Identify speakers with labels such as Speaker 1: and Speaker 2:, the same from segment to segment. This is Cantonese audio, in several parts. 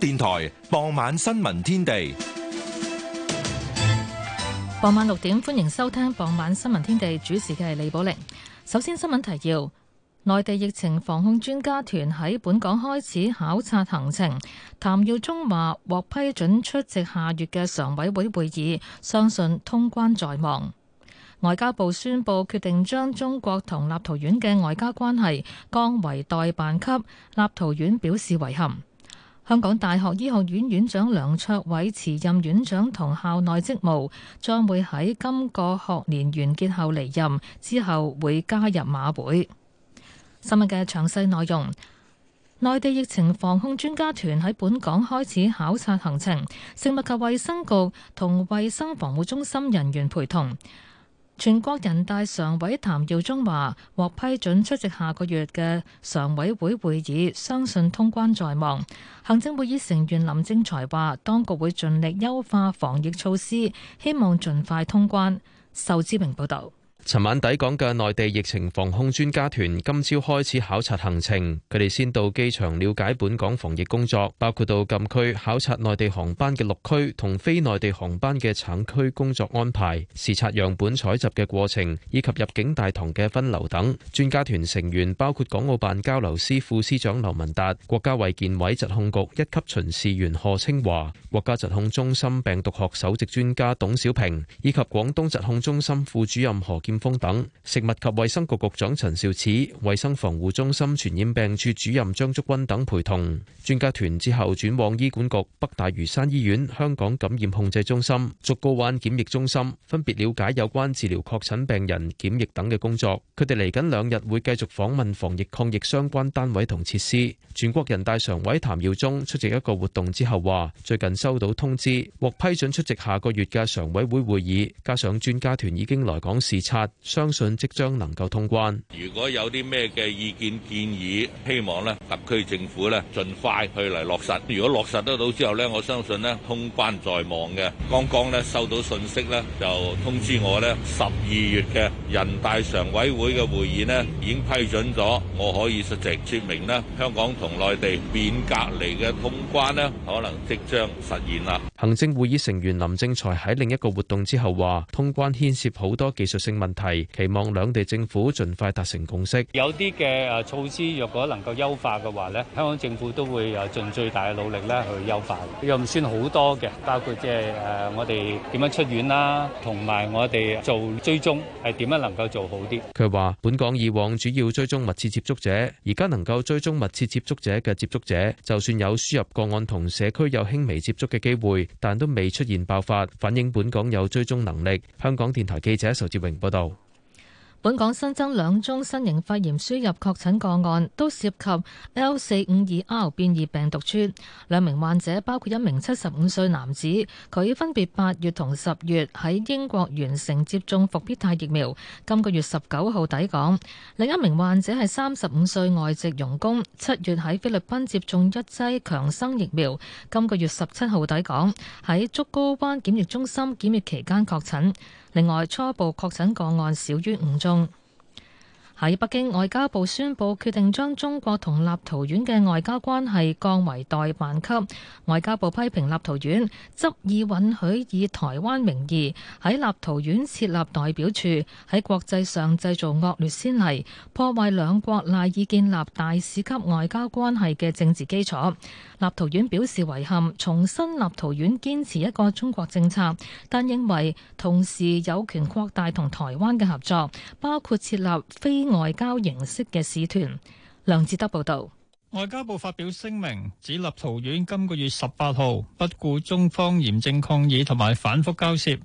Speaker 1: 電台傍晚新聞天
Speaker 2: 地，
Speaker 3: 傍晚六點歡迎收聽傍晚新聞天地，主持嘅係李寶玲。首先新聞提要：內地疫情防控專家團喺本港開始考察行程。譚耀宗話獲批准出席下月嘅常委會會議，相信通關在望。外交部宣布決定將中國同立陶宛嘅外交關係降為代辦級，立陶宛表示遺憾。香港大學醫學院院長梁卓偉辭任院長同校內職務，將會喺今個學年完結後離任，之後會加入馬會。新聞嘅詳細內容：內地疫情防控專家團喺本港開始考察行程，食物及衛生局同衛生防護中心人員陪同。全國人大常委譚耀宗話獲批准出席下個月嘅常委會會議，相信通關在望。行政會議成員林正才話，當局會盡力優化防疫措施，希望盡快通關。仇志明報導。
Speaker 4: 尋晚抵港嘅內地疫情防控專家團，今朝開始考察行程。佢哋先到機場了解本港防疫工作，包括到禁區考察內地航班嘅六區同非內地航班嘅產區工作安排，視察樣本採集嘅過程，以及入境大堂嘅分流等。專家團成員包括港澳辦交流司副司長劉文達、國家衛健委疾控局一級巡視員賀清華、國家疾控中心病毒學首席專家董小平，以及廣東疾控中心副主任何。檢封等，食物及衛生局局長陳肇始、衛生防護中心傳染病處主任張竹君等陪同專家團之後，轉往醫管局北大嶼山醫院香港感染控制中心，竹篙灣檢疫中心，分別了解有關治療確診病人、檢疫等嘅工作。佢哋嚟緊兩日會繼續訪問防疫抗疫相關單位同設施。全國人大常委譚耀宗出席一個活動之後話，最近收到通知獲批准出席下個月嘅常委會會議，加上專家團已經來港視察。相信即將能夠通關。如
Speaker 2: 果有啲咩嘅意見建議，希望咧特區政府咧盡快去嚟落實。如果落實得到之後咧，我相信咧通關在望嘅。剛剛咧收到信息咧，就通知我咧十二月嘅人大常委會嘅會議咧已經批准咗，我可以出席，説明咧香港同內地免隔離嘅通關咧可能即將實現啦。
Speaker 4: 行政會議成員林正財喺另一個活動之後話：通關牽涉好多技術性問。期望兩地政府盡快達成共識。
Speaker 5: 有啲嘅誒措施，若果能夠優化嘅話咧，香港政府都會誒盡最大嘅努力咧去優化，又唔算好多嘅，包括即係誒我哋點樣出院啦，同埋我哋做追蹤係點樣能夠做好啲。
Speaker 4: 佢話：本港以往主要追蹤密切接觸者，而家能夠追蹤密切接觸者嘅接觸者，就算有輸入個案同社區有輕微接觸嘅機會，但都未出現爆發，反映本港有追蹤能力。香港電台記者仇志榮報道。
Speaker 3: 本港新增兩宗新型肺炎輸入確診個案，都涉及 L 四五二 R 變異病毒株。兩名患者包括一名七十五歲男子，佢分別八月同十月喺英國完成接種復必泰疫苗，今個月十九號抵港；另一名患者係三十五歲外籍傭工，七月喺菲律賓接種一劑強生疫苗，今個月十七號抵港，喺竹篙灣檢疫中心檢疫期間確診。另外，初步確診個案少於五宗。喺北京外交部，宣布決定將中國同立陶宛嘅外交關係降為代辦級，外交部批評立陶宛執意允許以台灣名義喺立陶宛設立代表處，喺國際上製造惡劣先例，破壞兩國賴以建立大使級外交關係嘅政治基礎，立陶宛表示遺憾，重申立陶宛堅持一個中國政策，但認為同時有權擴大同台灣嘅合作，包括設立非。外交形式嘅使團，梁志德報道。
Speaker 5: 外交部發表聲明，指立陶宛今個月十八號不顧中方嚴正抗議同埋反複交涉，允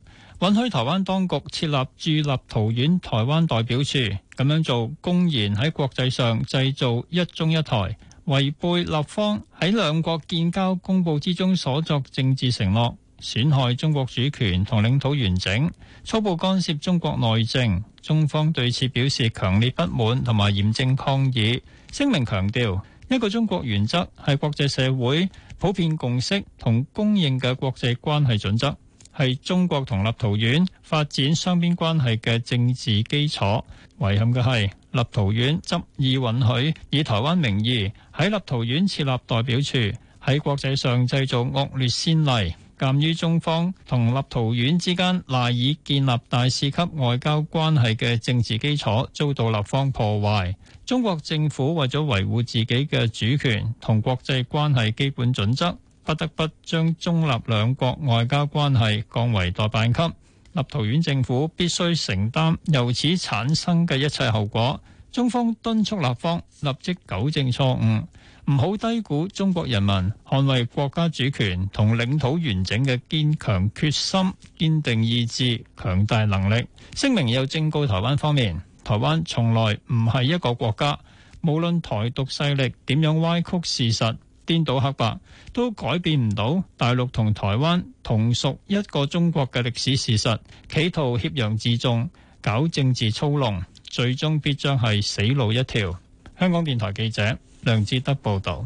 Speaker 5: 許台灣當局設立駐立，立，駐立陶宛台灣代表處，咁樣做公然喺國際上製造一中一台，違背立方喺兩國建交公報之中所作政治承諾，損害中國主權同領土完整，粗暴干涉中國內政。中方對此表示強烈不滿同埋嚴正抗議，聲明強調一個中國原則係國際社會普遍共識同公認嘅國際關係準則，係中國同立陶宛發展雙邊關係嘅政治基礎。遺憾嘅係，立陶宛執意允許以台灣名義喺立陶宛設立代表處，喺國際上製造惡劣先例。鑒於中方同立陶宛之間賴以建立大使級外交關係嘅政治基礎，遭到立方破壞，中國政府為咗維護自己嘅主權同國際關係基本準則，不得不將中立兩國外交關係降為代辦級。立陶宛政府必須承擔由此產生嘅一切後果。中方敦促立方立即糾正錯誤，唔好低估中國人民捍衛國家主權同領土完整嘅堅強決心、堅定意志、強大能力。聲明又正告台灣方面：台灣從來唔係一個國家，無論台獨勢力點樣歪曲事實，顛倒黑白，都改變唔到大陸同台灣同屬一個中國嘅歷史事實，企圖挾洋自重、搞政治操弄，最終必將係死路一條。香港電台記者梁志德報道。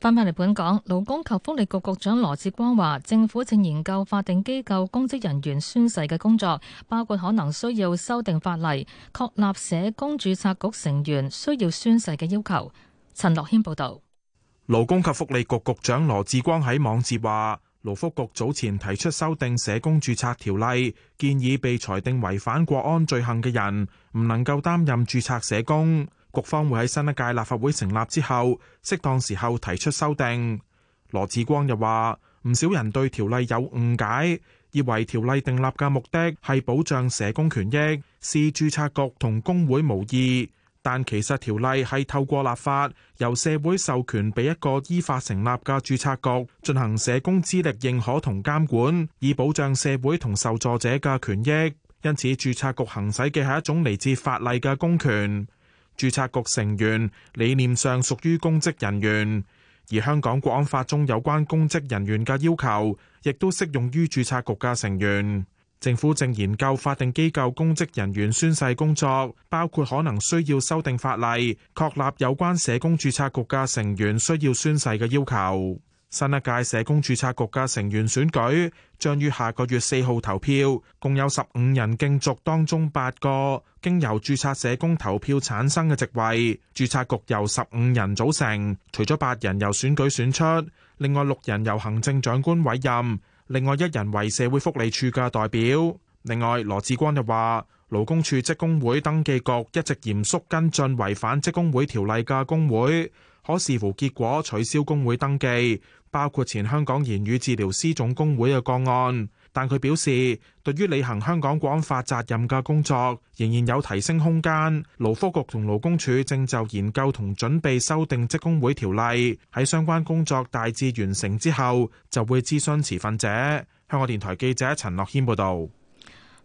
Speaker 3: 翻返嚟本港，勞工及福利局局長羅志光話，政府正研究法定機構公職人員宣誓嘅工作，包括可能需要修訂法例，確立社工註冊局成員需要宣誓嘅要求。陳樂謙報道。
Speaker 6: 勞工及福利局局長羅志光喺網誌話。勞福局早前提出修訂社工註冊條例，建議被裁定違反國安罪行嘅人唔能夠擔任註冊社工。局方會喺新一屆立法會成立之後，適當時候提出修訂。羅致光又話，唔少人對條例有誤解，以為條例訂立嘅目的係保障社工權益，視註冊局同工會無異。但其實條例係透過立法，由社會授權俾一個依法成立嘅註冊局進行社工資歷認可同監管，以保障社會同受助者嘅權益。因此，註冊局行使嘅係一種嚟自法例嘅公權。註冊局成員理念上屬於公職人員，而香港《國安法》中有關公職人員嘅要求，亦都適用於註冊局嘅成員。政府正研究法定機構公職人員宣誓工作，包括可能需要修訂法例，確立有關社工註冊局嘅成員需要宣誓嘅要求。新一屆社工註冊局嘅成員選舉將於下個月四號投票，共有十五人競逐，當中八個經由註冊社工投票產生嘅席位。註冊局由十五人組成，除咗八人由選舉選出，另外六人由行政長官委任。另外一人為社會福利署嘅代表。另外羅致光又話，勞工處職工會登記局一直嚴肅跟進違反職工會條例嘅工會，可視乎結果取消工會登記，包括前香港言語治療師總工會嘅個案。但佢表示，對於履行香港《國安法》責任嘅工作，仍然有提升空間。勞福局同勞工處正就研究同準備修訂職工會條例，喺相關工作大致完成之後，就會諮詢持份者。香港電台記者陳樂軒報導。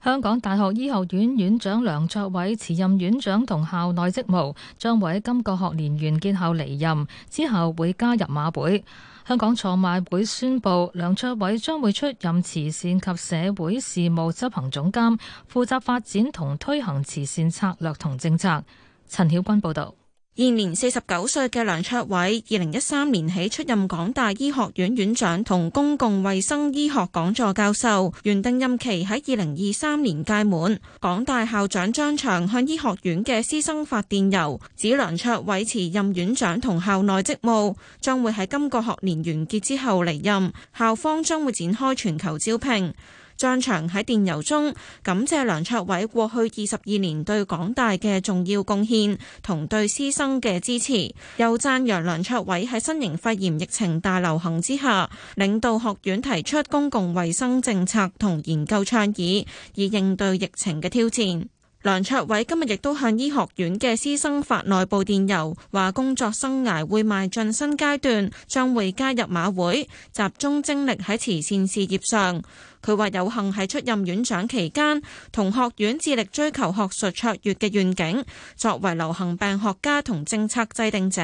Speaker 3: 香港大學醫學院院院長梁卓偉辭任院長同校內職務，將喺今個學年完結後離任，之後會加入馬會。香港賽馬會宣布，梁卓偉將會出任慈善及社會事務執行總監，負責發展同推行慈善策略同政策。陳曉君報導。
Speaker 7: 現年四十九歲嘅梁卓偉，二零一三年起出任港大醫學院院長同公共衛生醫學講座教授，原定任期喺二零二三年屆滿。港大校長張翔向醫學院嘅師生發電郵，指梁卓偉辭任院長同校內職務，將會喺今個學年完結之後離任，校方將會展開全球招聘。張翔喺電郵中感謝梁卓偉過去二十二年對港大嘅重要貢獻同對師生嘅支持，又讚揚梁卓偉喺新型肺炎疫情大流行之下領導學院提出公共衛生政策同研究倡議，以應對疫情嘅挑戰。梁卓偉今日亦都向醫學院嘅師生發內部電郵，話工作生涯會邁進新階段，將會加入馬會，集中精力喺慈善事業上。佢話有幸喺出任院長期間，同學院致力追求學術卓越嘅願景。作為流行病學家同政策制定者，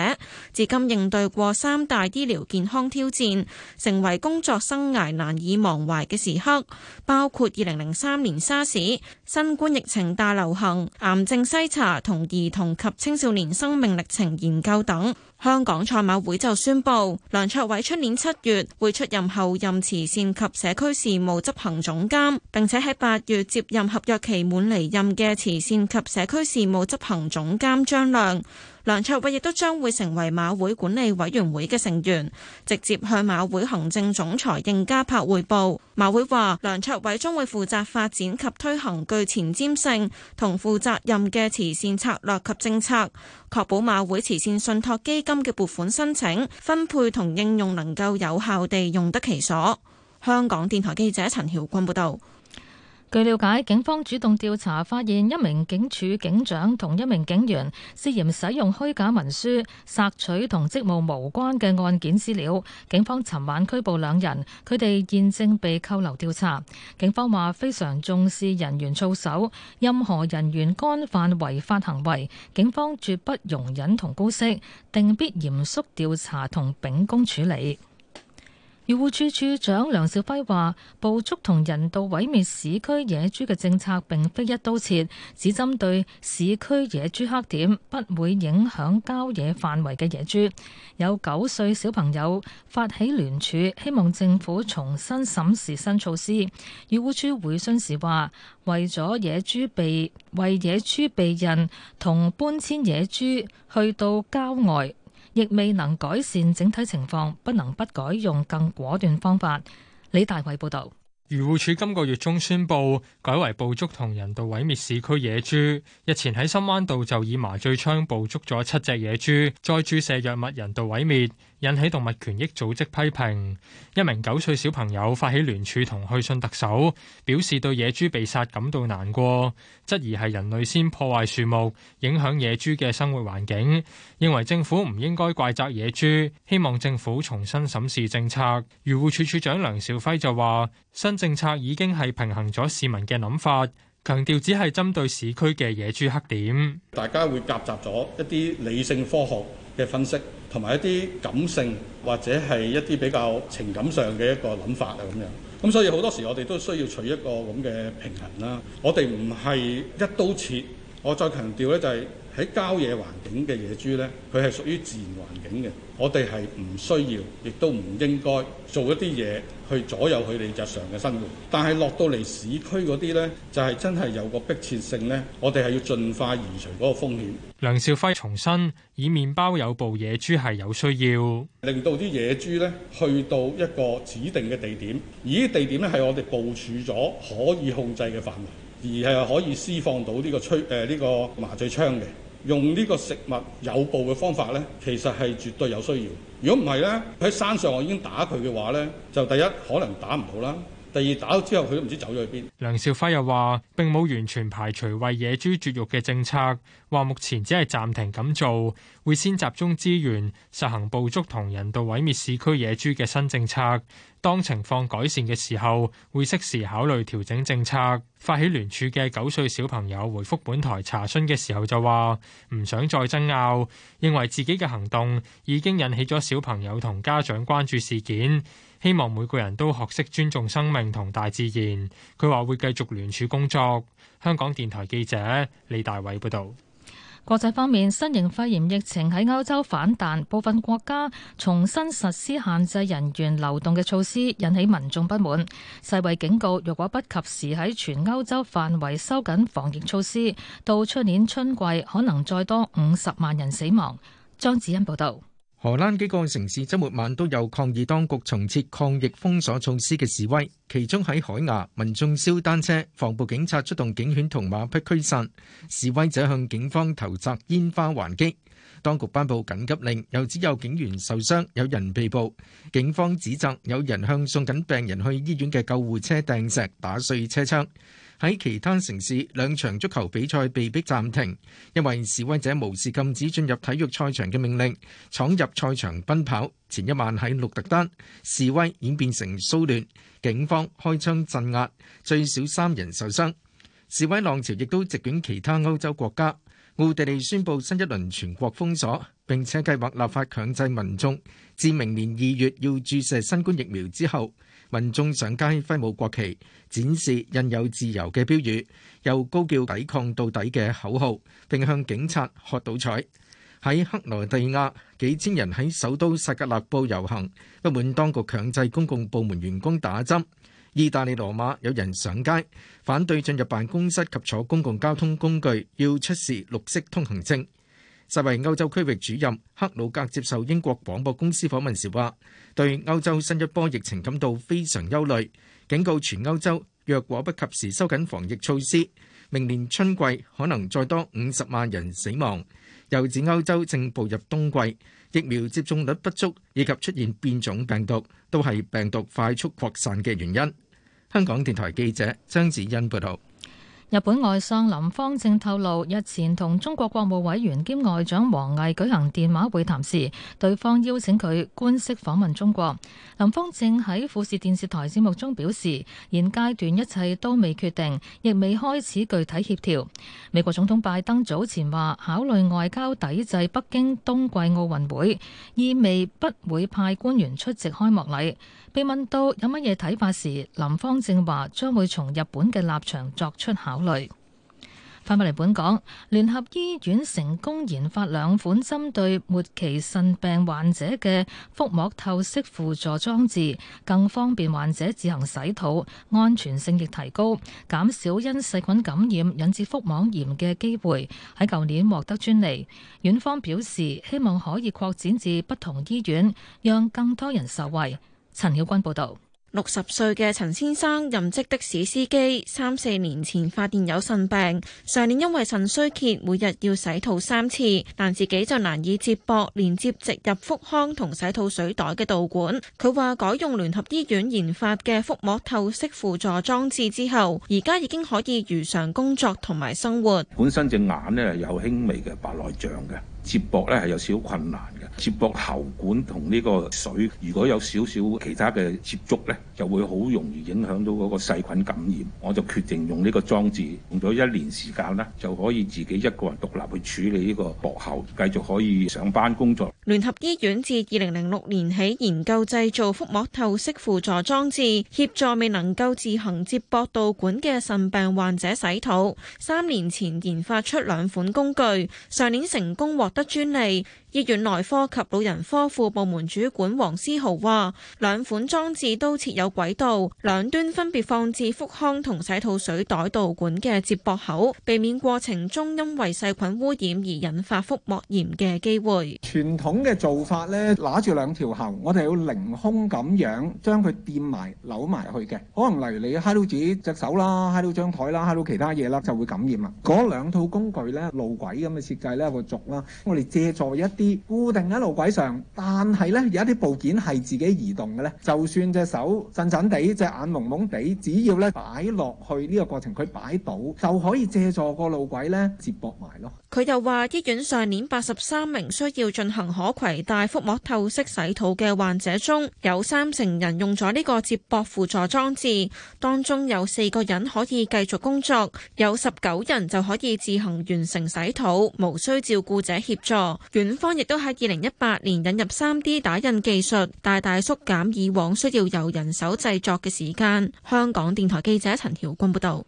Speaker 7: 至今應對過三大醫療健康挑戰，成為工作生涯難以忘懷嘅時刻，包括二零零三年沙士、新冠疫情大流行、癌症篩查同兒童及青少年生命歷程研究等。香港賽馬會就宣布，梁卓偉出年七月會出任後任慈善及社區事務執行總監，並且喺八月接任合約期滿離任嘅慈善及社區事務執行總監張亮。梁卓偉亦都將會成為馬會管理委員會嘅成員，直接向馬會行政總裁應家柏彙報。馬會話，梁卓偉將會負責發展及推行具前瞻性同負責任嘅慈善策略及政策，確保馬會慈善信託基金嘅撥款申請分配同應用能夠有效地用得其所。香港電台
Speaker 3: 記者陳曉君報導。據了解，警方主動調查發現一名警署警長同一名警員涉嫌使用虛假文書，索取同職務無關嘅案件資料。警方尋晚拘捕兩人，佢哋現正被扣留調查。警方話非常重視人員操守，任何人員干犯違法行為，警方絕不容忍同姑息，定必嚴肅調查同秉公處理。漁護署署長梁兆輝話，捕捉同人道毀滅市區野豬嘅政策，並非一刀切，只針對市區野豬黑點，不會影響郊野範圍嘅野豬。有九歲小朋友發起聯署，希望政府重新審視新措施。漁護署回信時話，為咗野豬避為野豬避孕同搬遷野豬去到郊外。亦未能改善整體情況，不能不改用更果斷方法。李大偉報道：
Speaker 1: 漁護署今個月中宣布改為捕捉同人道毀滅市區野豬。日前喺深灣道就以麻醉槍捕捉咗七隻野豬，再注射藥物人道毀滅。引起動物權益組織批評，一名九歲小朋友發起聯署同去信特首，表示對野豬被殺感到難過，質疑係人類先破壞樹木，影響野豬嘅生活環境，認為政府唔應該怪責野豬，希望政府重新審視政策。漁護署署長梁兆輝就話：新政策已經係平衡咗市民嘅諗法，強調只係針對市區嘅野豬黑點。
Speaker 2: 大家會夾雜咗一啲理性科學嘅分析同埋一啲感性或者係一啲比較情感上嘅一個諗法啊，咁樣咁所以好多時我哋都需要取一個咁嘅平衡啦。我哋唔係一刀切。我再強調咧，就係喺郊野環境嘅野豬咧，佢係屬於自然環境嘅，我哋係唔需要，亦都唔應該做一啲嘢。去左右佢哋日常嘅生活，但係落到嚟市區嗰啲咧，就係、是、真係有個迫切性咧。我哋係要盡快移除嗰個風險。
Speaker 1: 梁兆輝重申，以麵包誘捕野豬，係有需要，
Speaker 2: 令到啲野豬咧去到一個指定嘅地點，而啲地點咧係我哋部署咗可以控制嘅範圍，而係可以施放到呢個吹誒呢、呃這個麻醉槍嘅。用呢個食物誘捕嘅方法咧，其實，係絕對有需要。如果唔係咧，佢喺山上我已經打佢嘅話咧，就第一可能打唔到啦，第二打咗之後佢都唔知走咗去邊。
Speaker 1: 梁兆輝又話：並冇完全排除為野豬絕育嘅政策。話目前只係暫停咁做，會先集中資源，實行捕捉同人道毀滅市區野豬嘅新政策。當情況改善嘅時候，會適時考慮調整政策。發起聯署嘅九歲小朋友回覆本台查詢嘅時候，就話唔想再爭拗，認為自己嘅行動已經引起咗小朋友同家長關注事件，希望每個人都學識尊重生命同大自然。佢話會繼續聯署工作。香港電台記者李大偉報道。
Speaker 3: 國際方面，新型肺炎疫情喺歐洲反彈，部分國家重新實施限制人員流動嘅措施，引起民眾不滿。世衛警告，若果不及時喺全歐洲範圍收緊防疫措施，到出年春季可能再多五十萬人死亡。張子欣報道。
Speaker 8: 荷蘭幾個城市周末晚都有抗議當局重設抗疫封鎖措施嘅示威，其中喺海牙，民眾燒單車，防暴警察出動警犬同馬匹驅散，示威者向警方投擲煙花還擊。當局頒布緊急令，又指有警員受傷，有人被捕。警方指責有人向送緊病人去醫院嘅救護車掟石，打碎車窗。喺其他城市，兩場足球比賽被迫暫停，因為示威者無視禁止進入體育賽場嘅命令，闖入賽場奔跑。前一晚喺鹿特丹，示威演變成騷亂，警方開槍鎮壓，最少三人受傷。示威浪潮亦都席捲其他歐洲國家。奧地利宣布新一輪全國封鎖，並且計劃立法強制民眾自明年二月要注射新冠疫苗之後。民眾上街揮舞國旗，展示印有自由嘅標語，又高叫抵抗到底嘅口號，並向警察喝倒彩。喺克羅地亞，幾千人喺首都薩格勒布遊行，不滿當局強制公共部門員工打針。意大利羅馬有人上街反對進入辦公室及坐公共交通工具，要出示綠色通行證。世衞歐洲區域主任，克魯格接受英國廣播公司訪問時話：對歐洲新一波疫情感到非常憂慮，警告全歐洲，若果不及時收緊防疫措施，明年春季可能再多五十萬人死亡。又指歐洲正步入冬季，疫苗接種率不足以及出現變種病毒，都係病毒快速擴散嘅原因。香港電台記者張子欣報道。
Speaker 3: 日本外相林芳正透露，日前同中國國務委員兼外長王毅舉行電話會談時，對方邀請佢官式訪問中國。林芳正喺富士電視台節目中表示，現階段一切都未決定，亦未開始具體協調。美國總統拜登早前話，考慮外交抵制北京冬季奧運會，意味不會派官員出席開幕禮。被問到有乜嘢睇法時，林芳正話將會從日本嘅立場作出考慮。翻返嚟本港，聯合醫院成功研發兩款針對末期腎病患者嘅腹膜透析輔助裝置，更方便患者自行洗肚，安全性亦提高，減少因細菌感染引致腹膜炎嘅機會。喺舊年獲得專利，院方表示希望可以擴展至不同醫院，讓更多人受惠。陳曉君報道：六十歲嘅陳先生
Speaker 7: 任職的士司機，三四年前發現有腎病，上年因為腎衰竭，每日要洗肚三次，但自己就難以接駁連接植入腹腔同洗肚水袋嘅導管。佢話改用聯合醫院研發嘅腹膜透析輔助裝置之後，而家已經可以如常工作同埋生活。
Speaker 4: 本身隻
Speaker 1: 眼呢，有輕微嘅白內障嘅。接駁呢係有少少困難嘅，接駁喉管同呢個水，如果有少少其他嘅接觸呢就會好容易影響到嗰個細菌感染。我就決定用呢個裝置，用咗一年時間呢就可以自己一個人獨立去處理呢個薄喉，繼續可以上班工作。
Speaker 7: 聯合醫院自二零零六年起研究製造腹膜透析輔助裝置，協助未能夠自行接駁導管嘅腎病患者洗肚。三年前研發出兩款工具，上年成功獲得專利。醫院內科及老人科副部門主管黃思豪話：兩款裝置都設有軌道，兩端分別放置腹腔同洗肚水袋導管嘅接駁口，避免過程中因為細菌污染而引發腹膜炎嘅機會。
Speaker 2: 傳統嘅做法呢，拿住兩條喉，我哋要凌空咁樣將佢掂埋、扭埋去嘅，可能例如你嗨到自己隻手啦、嗨到張台啦、嗨到其他嘢啦，就會感染啦。嗰兩套工具呢，路軌咁嘅設計呢，會俗啦。我哋借助一啲。固定喺路軌上，但係呢有一啲部件係自己移動嘅呢，就算隻手震震地，隻眼蒙蒙地，只要呢擺落去呢個過程擺，佢擺到就可以借助個路軌呢接駁埋
Speaker 7: 咯。佢又話， 醫院上年八十三名需要進行可携帶腹膜透析洗肚嘅患者中，有三成人用咗呢個接駁輔助裝置，當中有四個人可以繼續工作，有十九人就可以自行完成洗肚，無需照顧者協助。院方。亦都喺二零一八年引入三 D 打印技術，大大縮減以往需要由人手製作嘅時間。香
Speaker 3: 港電台記者陳曉君報道。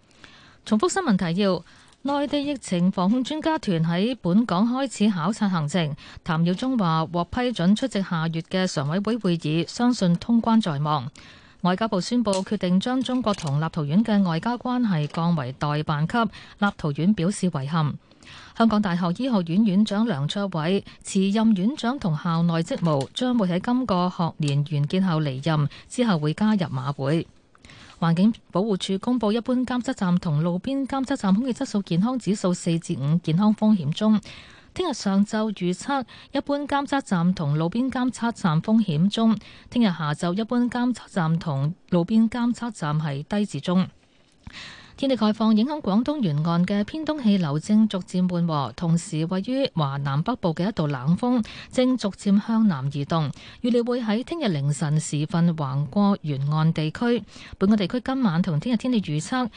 Speaker 3: 重複新聞提要：內地疫情防控專家團喺本港開始考察行程。譚耀宗話獲批准出席下月嘅常委會會議，相信通關在望。外交部宣布決定將中國同立陶宛嘅外交關係降為代辦級，立陶宛表示遺憾。香港大學醫學院院長梁卓偉辭任院長同校內職務，將會喺今個學年完結後離任，之後會加入馬會。環境保護署公布一般監測站同路邊監測站空氣質素健康指數四至五，健康風險中。聽日上晝預測一般監測站同路邊監測站風險中，聽日下晝一般監測站同路邊監測站係低至中。天氣概況，影響廣東沿岸嘅偏東氣流正逐漸緩和，同時位於華南北部嘅一道冷鋒正逐漸向南移動，預料會喺聽日凌晨時分橫過沿岸地區。本港地區今晚同聽日天氣預測。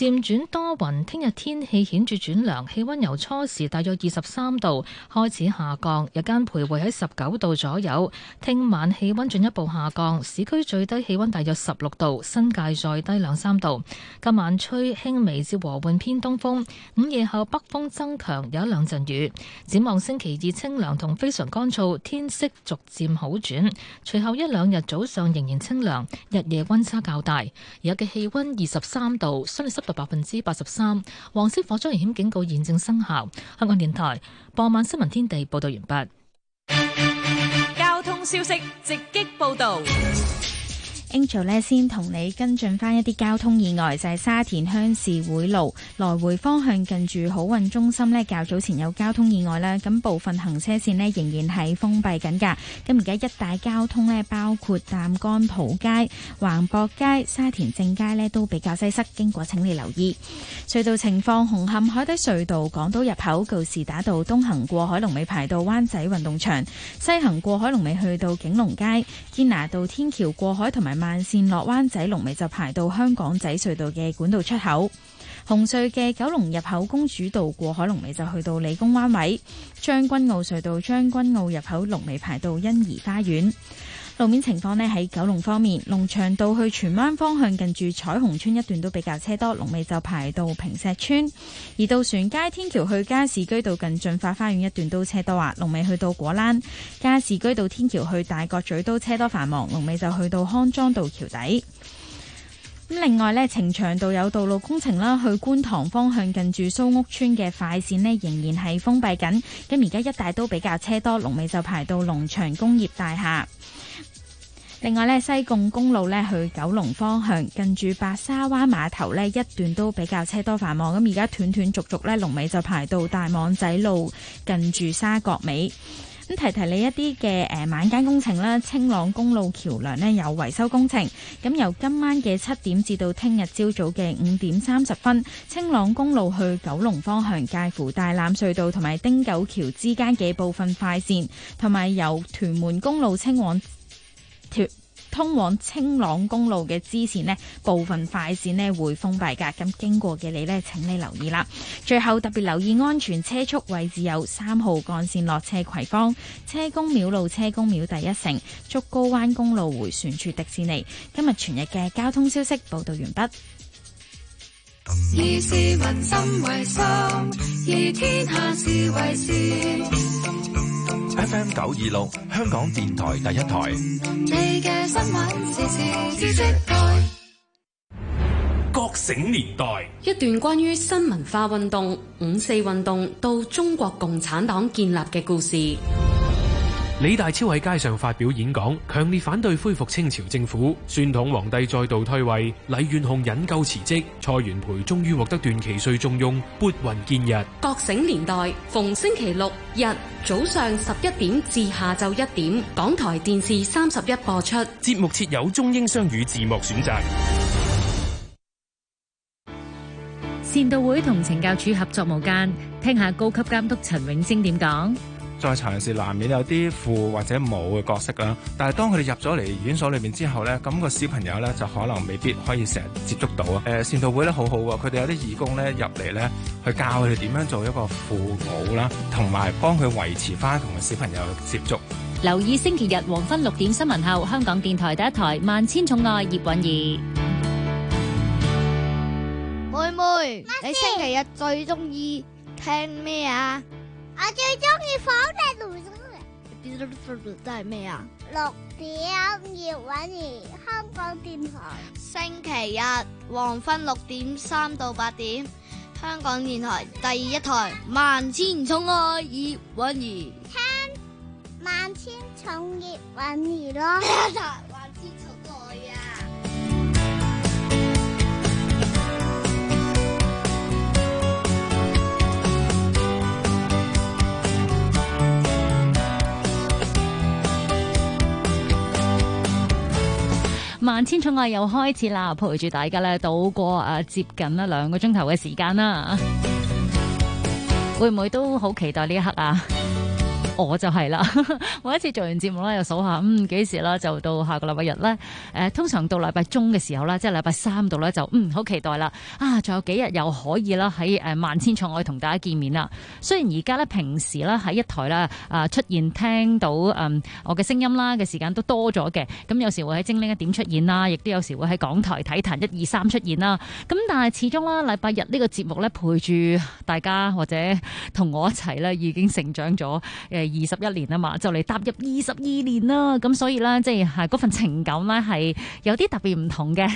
Speaker 3: 漸轉多雲，聽日天氣顯著轉涼，氣溫由初時大約二十三度開始下降，日間徘徊喺十九度左右。聽晚氣溫進一步下降，市區最低氣溫大約十六度，新界再低兩三度。今晚吹輕微至和緩偏東風，午夜後北風增強，有一兩陣雨。展望星期二清涼同非常乾燥，天色逐漸好轉，隨後一兩日早上仍然清涼，日夜溫差較大。而家嘅氣溫二十三度，相到百分之八十三，黃色火災危險警告現正生效。香港電台傍晚新聞天地報道完畢。
Speaker 9: 交通消息直擊報道。
Speaker 3: Angel 呢先同你跟
Speaker 10: 進翻一啲交通意外，就係沙田鄉事會路來回方向近住好運中心呢，較早前有交通意外啦，咁部分行車線呢仍然係封閉緊㗎。咁而家一帶交通呢，包括擔杆莆街、橫壆街、沙田正街呢都比較擠塞，經過請你留意隧道情況。紅磡海底隧道港島入口告士打道東行過海龍尾排到灣仔運動場，西行過海龍尾去到景隆街堅拿道天橋過海同埋，慢綫落灣仔龍尾就排到香港仔隧道嘅管道出口，紅隧嘅九龍入口公主道過海龍尾就去到理工灣位，將軍澳隧道將軍澳入口龍尾排到欣怡花園。路面情況咧喺九龍方面，龍翔道去荃灣方向近住彩虹村一段都比較車多，龍尾就排到平石村；而渡船街天橋去加士居道近進化花園一段都車多啊，龍尾去到果欄；加士居道天橋去大角咀都車多繁忙，龍尾就去到康莊道橋底。另外咧，呈祥道有道路工程啦，去觀塘方向近住蘇屋村嘅快綫咧，仍然係封閉緊。咁而家一帶都比較車多，龍尾就排到龍翔工業大廈。另外咧，西貢公路咧去九龍方向近住白沙灣碼頭咧一段都比較車多繁忙。咁而家斷斷續續咧，龍尾就排到大網仔路近住沙角尾。咁提提你一啲嘅誒晚間工程啦，青朗公路橋樑咧有維修工程，咁由今晚嘅七點至到聽日朝早嘅五點三十分，青朗公路去九龍方向介乎大欖隧道同埋汀九橋之間嘅部分快線同埋由屯門公路清往屯。通往青朗公路嘅支線呢，部分快線呢會封閉噶，咁經過嘅你呢，請你留意啦。最後特別留意安全車速位置，有三號幹線落車葵芳、車公廟路、車公廟第一城、竹篙灣公路回旋處、迪士尼。今日全日嘅交通消息報道完畢。以
Speaker 1: FM 九二六，26，香港電台第一台。
Speaker 4: 覺醒年代，
Speaker 9: 一段關於新文化運動、五四運動到中國共產黨建立嘅故事。
Speaker 4: 李大釗喺
Speaker 1: 街上發表演講，強烈反對恢復清朝政府。宣統皇帝再度退位，黎元洪引咎辭職。蔡元培終於獲得段祺瑞重用，撥雲見日。
Speaker 9: 覺醒年代逢星期六日早上十一點至下晝一點，港台電視三十一播出。
Speaker 1: 節目設有中英雙語字幕選擇。
Speaker 9: 善道會同懲教署合作無間，聽下高級監督陳永升點講。
Speaker 5: 再長期是難免有啲父或者母嘅角色啦。但係當佢哋入咗嚟院所裏面之後咧，咁、那個小朋友咧就可能未必可以成日接觸到啊。誒、呃、善道會咧好好喎，佢哋有啲義工咧入嚟咧去教佢哋點樣做一
Speaker 1: 個父母啦，同埋幫佢維持返同個小朋友接觸。
Speaker 9: 留意星期日黃昏六點新聞後，香港電台第一台《萬千寵愛》葉韻儀
Speaker 7: 妹妹，麼你星期日最中意聽咩啊？
Speaker 10: 我最中意放咧錄音。
Speaker 7: 一日都做咩
Speaker 10: 啊？六點葉允兒香港電台。星期日黃昏六點三到八點，香港電台第一台萬千寵愛葉允兒。聽萬千寵愛葉允兒咯。
Speaker 9: 萬千寵愛、啊、又開始啦，陪住大家咧，度過誒接近啦兩個鐘頭嘅時間啦，會唔會都好期待呢一刻啊？我就係啦， 我一次做完節目咧，又數下，嗯幾時啦？就到下個禮拜日咧。誒，通常到禮拜中嘅時候咧，即係禮拜三度咧，就嗯好期待啦。啊，仲有幾日又可以啦喺誒萬千寵愛同大家見面啦。雖然而家咧平時咧喺一台咧啊出現聽到誒我嘅聲音啦嘅時間都多咗嘅，咁有時會喺精靈一點出現啦，亦都有時會喺港台體壇一二三出現啦。咁但係始終啦，禮拜日呢個節目咧陪住大家或者同我一齊咧已經成長咗誒。二十一年啊嘛，就嚟踏入二十二年啦，咁所以咧，即係嗰份情感咧，係有啲特別唔同嘅。